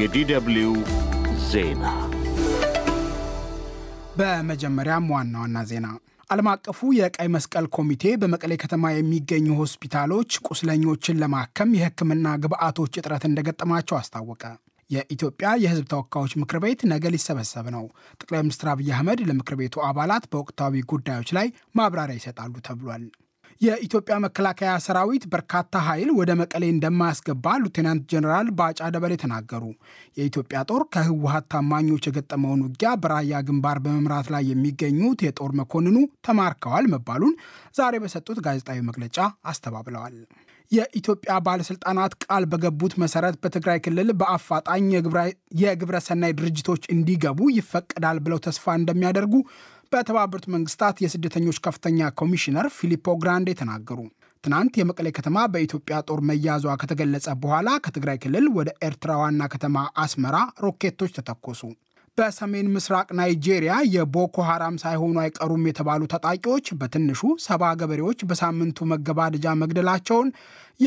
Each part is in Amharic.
የዲደብሊው ዜና በመጀመሪያም ዋና ዋና ዜና ዓለም አቀፉ የቀይ መስቀል ኮሚቴ በመቀሌ ከተማ የሚገኙ ሆስፒታሎች ቁስለኞችን ለማከም የሕክምና ግብዓቶች እጥረት እንደገጠማቸው አስታወቀ። የኢትዮጵያ የሕዝብ ተወካዮች ምክር ቤት ነገ ሊሰበሰብ ነው። ጠቅላይ ሚኒስትር አብይ አህመድ ለምክር ቤቱ አባላት በወቅታዊ ጉዳዮች ላይ ማብራሪያ ይሰጣሉ ተብሏል። የኢትዮጵያ መከላከያ ሰራዊት በርካታ ኃይል ወደ መቀሌ እንደማያስገባ ሉቴናንት ጀኔራል ባጫ ደበሌ ተናገሩ። የኢትዮጵያ ጦር ከህወሀት ታማኞች የገጠመውን ውጊያ በራያ ግንባር በመምራት ላይ የሚገኙት የጦር መኮንኑ ተማርከዋል መባሉን ዛሬ በሰጡት ጋዜጣዊ መግለጫ አስተባብለዋል። የኢትዮጵያ ባለስልጣናት ቃል በገቡት መሰረት በትግራይ ክልል በአፋጣኝ የግብረ ሰናይ ድርጅቶች እንዲገቡ ይፈቀዳል ብለው ተስፋ እንደሚያደርጉ በተባበሩት መንግስታት የስደተኞች ከፍተኛ ኮሚሽነር ፊሊፖ ግራንዴ ተናገሩ። ትናንት የመቀሌ ከተማ በኢትዮጵያ ጦር መያዟ ከተገለጸ በኋላ ከትግራይ ክልል ወደ ኤርትራ ዋና ከተማ አስመራ ሮኬቶች ተተኮሱ። በሰሜን ምስራቅ ናይጄሪያ የቦኮ ሀራም ሳይሆኑ አይቀሩም የተባሉ ታጣቂዎች በትንሹ ሰባ ገበሬዎች በሳምንቱ መገባደጃ መግደላቸውን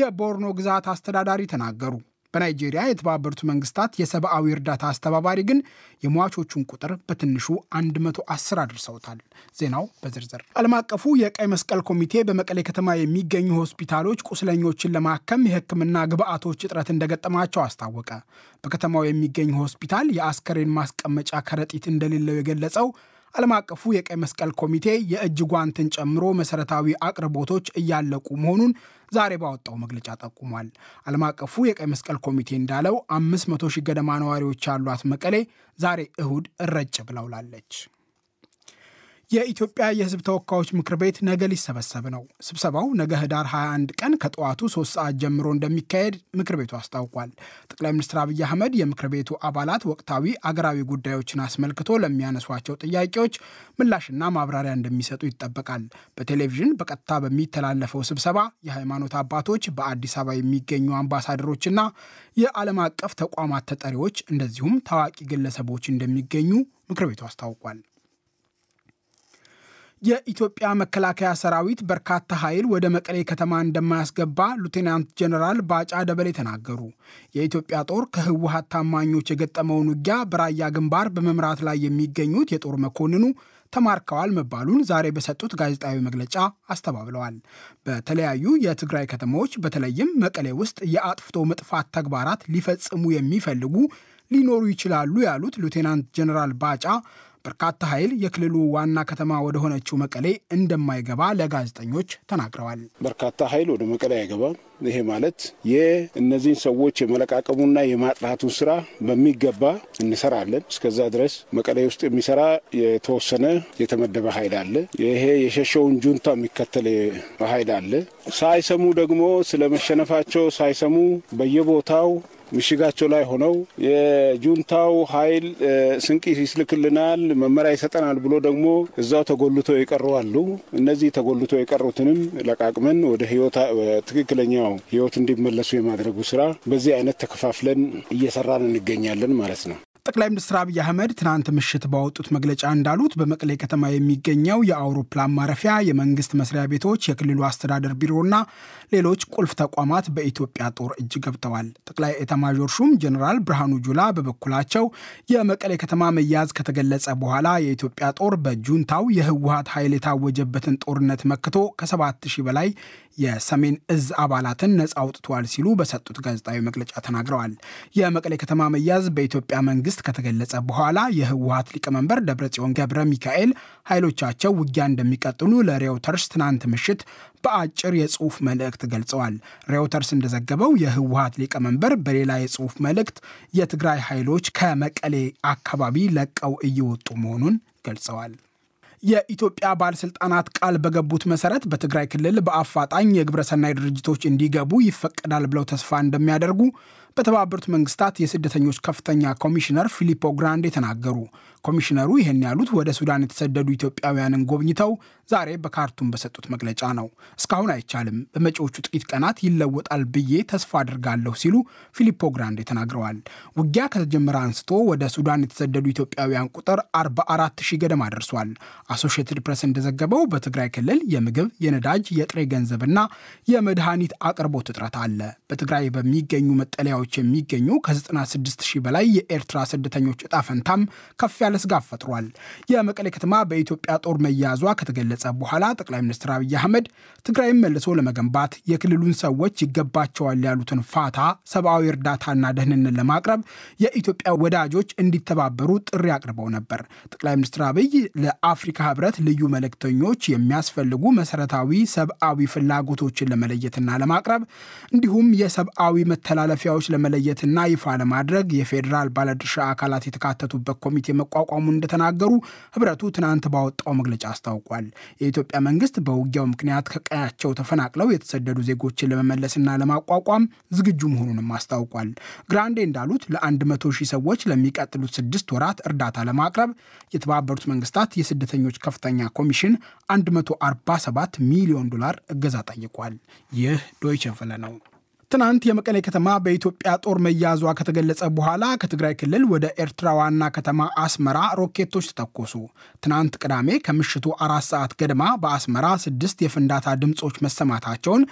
የቦርኖ ግዛት አስተዳዳሪ ተናገሩ። በናይጄሪያ የተባበሩት መንግስታት የሰብአዊ እርዳታ አስተባባሪ ግን የሟቾቹን ቁጥር በትንሹ 110 አድርሰውታል። ዜናው በዝርዝር ዓለም አቀፉ የቀይ መስቀል ኮሚቴ በመቀሌ ከተማ የሚገኙ ሆስፒታሎች ቁስለኞችን ለማከም የሕክምና ግብአቶች እጥረት እንደገጠማቸው አስታወቀ። በከተማው የሚገኝ ሆስፒታል የአስከሬን ማስቀመጫ ከረጢት እንደሌለው የገለጸው ዓለም አቀፉ የቀይ መስቀል ኮሚቴ የእጅ ጓንትን ጨምሮ መሰረታዊ አቅርቦቶች እያለቁ መሆኑን ዛሬ ባወጣው መግለጫ ጠቁሟል። ዓለም አቀፉ የቀይ መስቀል ኮሚቴ እንዳለው አምስት መቶ ሺህ ገደማ ነዋሪዎች ያሏት መቀሌ ዛሬ እሁድ እረጭ ብላውላለች። የኢትዮጵያ የሕዝብ ተወካዮች ምክር ቤት ነገ ሊሰበሰብ ነው። ስብሰባው ነገ ህዳር 21 ቀን ከጠዋቱ 3 ሰዓት ጀምሮ እንደሚካሄድ ምክር ቤቱ አስታውቋል። ጠቅላይ ሚኒስትር አብይ አህመድ የምክር ቤቱ አባላት ወቅታዊ አገራዊ ጉዳዮችን አስመልክቶ ለሚያነሷቸው ጥያቄዎች ምላሽና ማብራሪያ እንደሚሰጡ ይጠበቃል። በቴሌቪዥን በቀጥታ በሚተላለፈው ስብሰባ የሃይማኖት አባቶች፣ በአዲስ አበባ የሚገኙ አምባሳደሮችና የዓለም አቀፍ ተቋማት ተጠሪዎች እንደዚሁም ታዋቂ ግለሰቦች እንደሚገኙ ምክር ቤቱ አስታውቋል። የኢትዮጵያ መከላከያ ሰራዊት በርካታ ኃይል ወደ መቀሌ ከተማ እንደማያስገባ ሉቴናንት ጀኔራል ባጫ ደበሌ ተናገሩ። የኢትዮጵያ ጦር ከህወሀት ታማኞች የገጠመውን ውጊያ በራያ ግንባር በመምራት ላይ የሚገኙት የጦር መኮንኑ ተማርከዋል መባሉን ዛሬ በሰጡት ጋዜጣዊ መግለጫ አስተባብለዋል። በተለያዩ የትግራይ ከተሞች በተለይም መቀሌ ውስጥ የአጥፍቶ መጥፋት ተግባራት ሊፈጽሙ የሚፈልጉ ሊኖሩ ይችላሉ ያሉት ሉቴናንት ጀኔራል ባጫ በርካታ ኃይል የክልሉ ዋና ከተማ ወደሆነችው መቀሌ እንደማይገባ ለጋዜጠኞች ተናግረዋል። በርካታ ኃይል ወደ መቀሌ አይገባም። ይሄ ማለት የእነዚህን ሰዎች የመለቃቀሙና የማጥራቱን ስራ በሚገባ እንሰራለን። እስከዛ ድረስ መቀሌ ውስጥ የሚሰራ የተወሰነ የተመደበ ኃይል አለ። ይሄ የሸሸውን ጁንታ የሚከተል ኃይል አለ። ሳይሰሙ ደግሞ ስለመሸነፋቸው ሳይሰሙ በየቦታው ምሽጋቸው ላይ ሆነው የጁንታው ኃይል ስንቅ ይስልክልናል፣ መመሪያ ይሰጠናል ብሎ ደግሞ እዛው ተጎልቶ የቀሩ አሉ። እነዚህ ተጎልቶ የቀሩትንም ለቃቅመን ወደ ትክክለኛው ህይወት እንዲመለሱ የማድረጉ ስራ በዚህ አይነት ተከፋፍለን እየሰራን እንገኛለን ማለት ነው። ጠቅላይ ሚኒስትር አብይ አህመድ ትናንት ምሽት ባወጡት መግለጫ እንዳሉት በመቀሌ ከተማ የሚገኘው የአውሮፕላን ማረፊያ፣ የመንግስት መስሪያ ቤቶች፣ የክልሉ አስተዳደር ቢሮና ሌሎች ቁልፍ ተቋማት በኢትዮጵያ ጦር እጅ ገብተዋል። ጠቅላይ ኤታማዦር ሹም ጀኔራል ብርሃኑ ጁላ በበኩላቸው የመቀሌ ከተማ መያዝ ከተገለጸ በኋላ የኢትዮጵያ ጦር በጁንታው የህወሀት ኃይል የታወጀበትን ጦርነት መክቶ ከሰባት ሺህ በላይ የሰሜን እዝ አባላትን ነጻ አውጥተዋል ሲሉ በሰጡት ጋዜጣዊ መግለጫ ተናግረዋል። የመቀሌ ከተማ መያዝ በኢትዮጵያ መንግስት ከተገለጸ በኋላ የህወሀት ሊቀመንበር ደብረጽዮን ገብረ ሚካኤል ኃይሎቻቸው ውጊያ እንደሚቀጥሉ ለሬውተርስ ትናንት ምሽት በአጭር የጽሁፍ መልእክት ገልጸዋል። ሬውተርስ እንደዘገበው የህወሀት ሊቀመንበር በሌላ የጽሁፍ መልእክት የትግራይ ኃይሎች ከመቀሌ አካባቢ ለቀው እየወጡ መሆኑን ገልጸዋል። የኢትዮጵያ ባለስልጣናት ቃል በገቡት መሰረት በትግራይ ክልል በአፋጣኝ የግብረሰናይ ድርጅቶች እንዲገቡ ይፈቀዳል ብለው ተስፋ እንደሚያደርጉ በተባበሩት መንግስታት የስደተኞች ከፍተኛ ኮሚሽነር ፊሊፖ ግራንዴ ተናገሩ። ኮሚሽነሩ ይህን ያሉት ወደ ሱዳን የተሰደዱ ኢትዮጵያውያንን ጎብኝተው ዛሬ በካርቱም በሰጡት መግለጫ ነው። እስካሁን አይቻልም፣ በመጪዎቹ ጥቂት ቀናት ይለወጣል ብዬ ተስፋ አድርጋለሁ ሲሉ ፊሊፖ ግራንዴ ተናግረዋል። ውጊያ ከተጀመረ አንስቶ ወደ ሱዳን የተሰደዱ ኢትዮጵያውያን ቁጥር 44 ሺህ ገደማ ደርሷል። አሶሽትድ ፕሬስ እንደዘገበው በትግራይ ክልል የምግብ፣ የነዳጅ፣ የጥሬ ገንዘብና የመድኃኒት አቅርቦት እጥረት አለ። በትግራይ በሚገኙ መጠለያዎች ክልሎች የሚገኙ ከ96 ሺህ በላይ የኤርትራ ስደተኞች እጣ ፈንታም ከፍ ያለ ስጋት ፈጥሯል። የመቀሌ ከተማ በኢትዮጵያ ጦር መያዟ ከተገለጸ በኋላ ጠቅላይ ሚኒስትር አብይ አህመድ ትግራይን መልሶ ለመገንባት የክልሉን ሰዎች ይገባቸዋል ያሉትን ፋታ፣ ሰብአዊ እርዳታና ደህንነት ለማቅረብ የኢትዮጵያ ወዳጆች እንዲተባበሩ ጥሪ አቅርበው ነበር። ጠቅላይ ሚኒስትር አብይ ለአፍሪካ ህብረት ልዩ መልእክተኞች የሚያስፈልጉ መሰረታዊ ሰብአዊ ፍላጎቶችን ለመለየትና ለማቅረብ እንዲሁም የሰብአዊ መተላለፊያዎች ለመለየትና ይፋ ለማድረግ የፌዴራል ባለድርሻ አካላት የተካተቱበት ኮሚቴ መቋቋሙን እንደተናገሩ ህብረቱ ትናንት ባወጣው መግለጫ አስታውቋል። የኢትዮጵያ መንግስት በውጊያው ምክንያት ከቀያቸው ተፈናቅለው የተሰደዱ ዜጎችን ለመመለስና ለማቋቋም ዝግጁ መሆኑንም አስታውቋል። ግራንዴ እንዳሉት ለ100 ሺህ ሰዎች ለሚቀጥሉት ስድስት ወራት እርዳታ ለማቅረብ የተባበሩት መንግስታት የስደተኞች ከፍተኛ ኮሚሽን 147 ሚሊዮን ዶላር እገዛ ጠይቋል። ይህ ዶይቸ ነው። ትናንት የመቀሌ ከተማ በኢትዮጵያ ጦር መያዟ ከተገለጸ በኋላ ከትግራይ ክልል ወደ ኤርትራ ዋና ከተማ አስመራ ሮኬቶች ተተኮሱ። ትናንት ቅዳሜ ከምሽቱ አራት ሰዓት ገደማ በአስመራ ስድስት የፍንዳታ ድምፆች መሰማታቸውን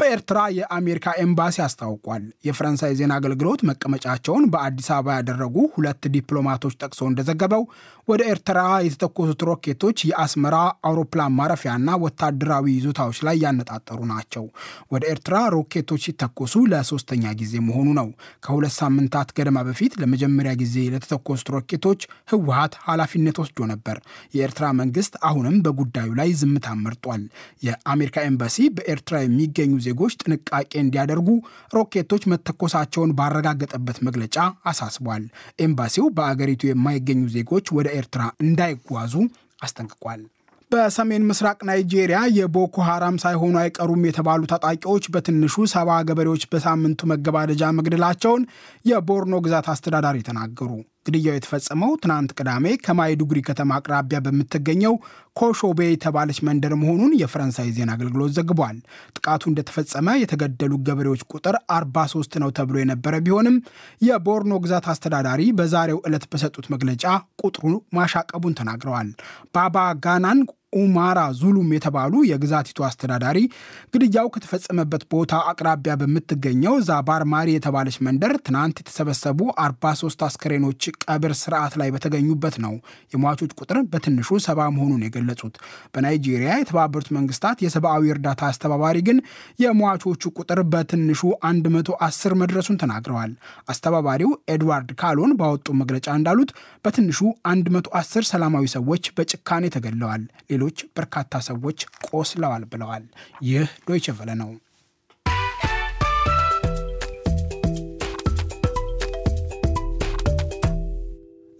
በኤርትራ የአሜሪካ ኤምባሲ አስታውቋል። የፈረንሳይ ዜና አገልግሎት መቀመጫቸውን በአዲስ አበባ ያደረጉ ሁለት ዲፕሎማቶች ጠቅሶ እንደዘገበው ወደ ኤርትራ የተተኮሱት ሮኬቶች የአስመራ አውሮፕላን ማረፊያና ወታደራዊ ይዞታዎች ላይ ያነጣጠሩ ናቸው። ወደ ኤርትራ ሮኬቶች ሲተኮ ሲተኮሱ ለሶስተኛ ጊዜ መሆኑ ነው። ከሁለት ሳምንታት ገደማ በፊት ለመጀመሪያ ጊዜ ለተተኮሱት ሮኬቶች ህወሀት ኃላፊነት ወስዶ ነበር። የኤርትራ መንግስት አሁንም በጉዳዩ ላይ ዝምታ መርጧል። የአሜሪካ ኤምባሲ በኤርትራ የሚገኙ ዜጎች ጥንቃቄ እንዲያደርጉ ሮኬቶች መተኮሳቸውን ባረጋገጠበት መግለጫ አሳስቧል። ኤምባሲው በአገሪቱ የማይገኙ ዜጎች ወደ ኤርትራ እንዳይጓዙ አስጠንቅቋል። በሰሜን ምስራቅ ናይጄሪያ የቦኮ ሀራም ሳይሆኑ አይቀሩም የተባሉ ታጣቂዎች በትንሹ ሰባ ገበሬዎች በሳምንቱ መገባደጃ መግደላቸውን የቦርኖ ግዛት አስተዳዳሪ ተናገሩ። ግድያው የተፈጸመው ትናንት ቅዳሜ ከማይዱጉሪ ከተማ አቅራቢያ በምትገኘው ኮሾቤ የተባለች መንደር መሆኑን የፈረንሳይ ዜና አገልግሎት ዘግቧል። ጥቃቱ እንደተፈጸመ የተገደሉ ገበሬዎች ቁጥር 43 ነው ተብሎ የነበረ ቢሆንም የቦርኖ ግዛት አስተዳዳሪ በዛሬው ዕለት በሰጡት መግለጫ ቁጥሩ ማሻቀቡን ተናግረዋል። ባባ ጋናን ኡማራ ዙሉም የተባሉ የግዛቲቱ አስተዳዳሪ ግድያው ከተፈጸመበት ቦታ አቅራቢያ በምትገኘው ዛባር ማሪ የተባለች መንደር ትናንት የተሰበሰቡ 43 አስከሬኖች ቀብር ስርዓት ላይ በተገኙበት ነው። የሟቾች ቁጥር በትንሹ ሰባ መሆኑን የገለጹት በናይጄሪያ የተባበሩት መንግስታት የሰብአዊ እርዳታ አስተባባሪ ግን የሟቾቹ ቁጥር በትንሹ 110 መድረሱን ተናግረዋል። አስተባባሪው ኤድዋርድ ካሎን ባወጡ መግለጫ እንዳሉት በትንሹ 110 ሰላማዊ ሰዎች በጭካኔ ተገለዋል። ሌሎች በርካታ ሰዎች ቆስለዋል ብለዋል። ይህ ዶይቼ ቬለ ነው።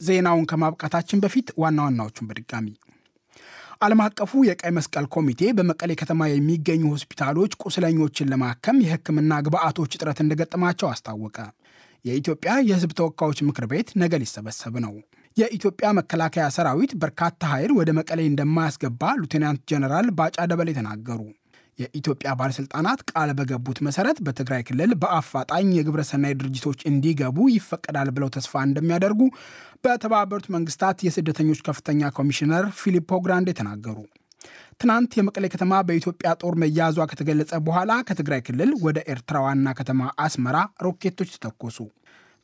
ዜናውን ከማብቃታችን በፊት ዋና ዋናዎቹን በድጋሚ ዓለም አቀፉ የቀይ መስቀል ኮሚቴ በመቀሌ ከተማ የሚገኙ ሆስፒታሎች ቁስለኞችን ለማከም የሕክምና ግብአቶች እጥረት እንደገጠማቸው አስታወቀ። የኢትዮጵያ የሕዝብ ተወካዮች ምክር ቤት ነገ ሊሰበሰብ ነው። የኢትዮጵያ መከላከያ ሰራዊት በርካታ ኃይል ወደ መቀሌ እንደማያስገባ ሉቴናንት ጀነራል ባጫ ደበሌ ተናገሩ። የኢትዮጵያ ባለስልጣናት ቃል በገቡት መሰረት በትግራይ ክልል በአፋጣኝ የግብረሰናይ ድርጅቶች እንዲገቡ ይፈቀዳል ብለው ተስፋ እንደሚያደርጉ በተባበሩት መንግስታት የስደተኞች ከፍተኛ ኮሚሽነር ፊሊፖ ግራንዴ ተናገሩ። ትናንት የመቀሌ ከተማ በኢትዮጵያ ጦር መያዟ ከተገለጸ በኋላ ከትግራይ ክልል ወደ ኤርትራ ዋና ከተማ አስመራ ሮኬቶች ተተኮሱ።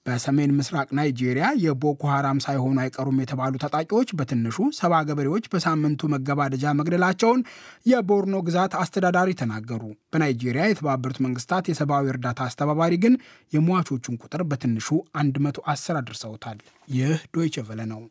በሰሜን ምስራቅ ናይጄሪያ የቦኮ ሀራም ሳይሆኑ አይቀሩም የተባሉ ታጣቂዎች በትንሹ ሰባ ገበሬዎች በሳምንቱ መገባደጃ መግደላቸውን የቦርኖ ግዛት አስተዳዳሪ ተናገሩ። በናይጄሪያ የተባበሩት መንግስታት የሰብአዊ እርዳታ አስተባባሪ ግን የሟቾቹን ቁጥር በትንሹ 110 አድርሰውታል። ይህ ዶይቸ ቨለ ነው።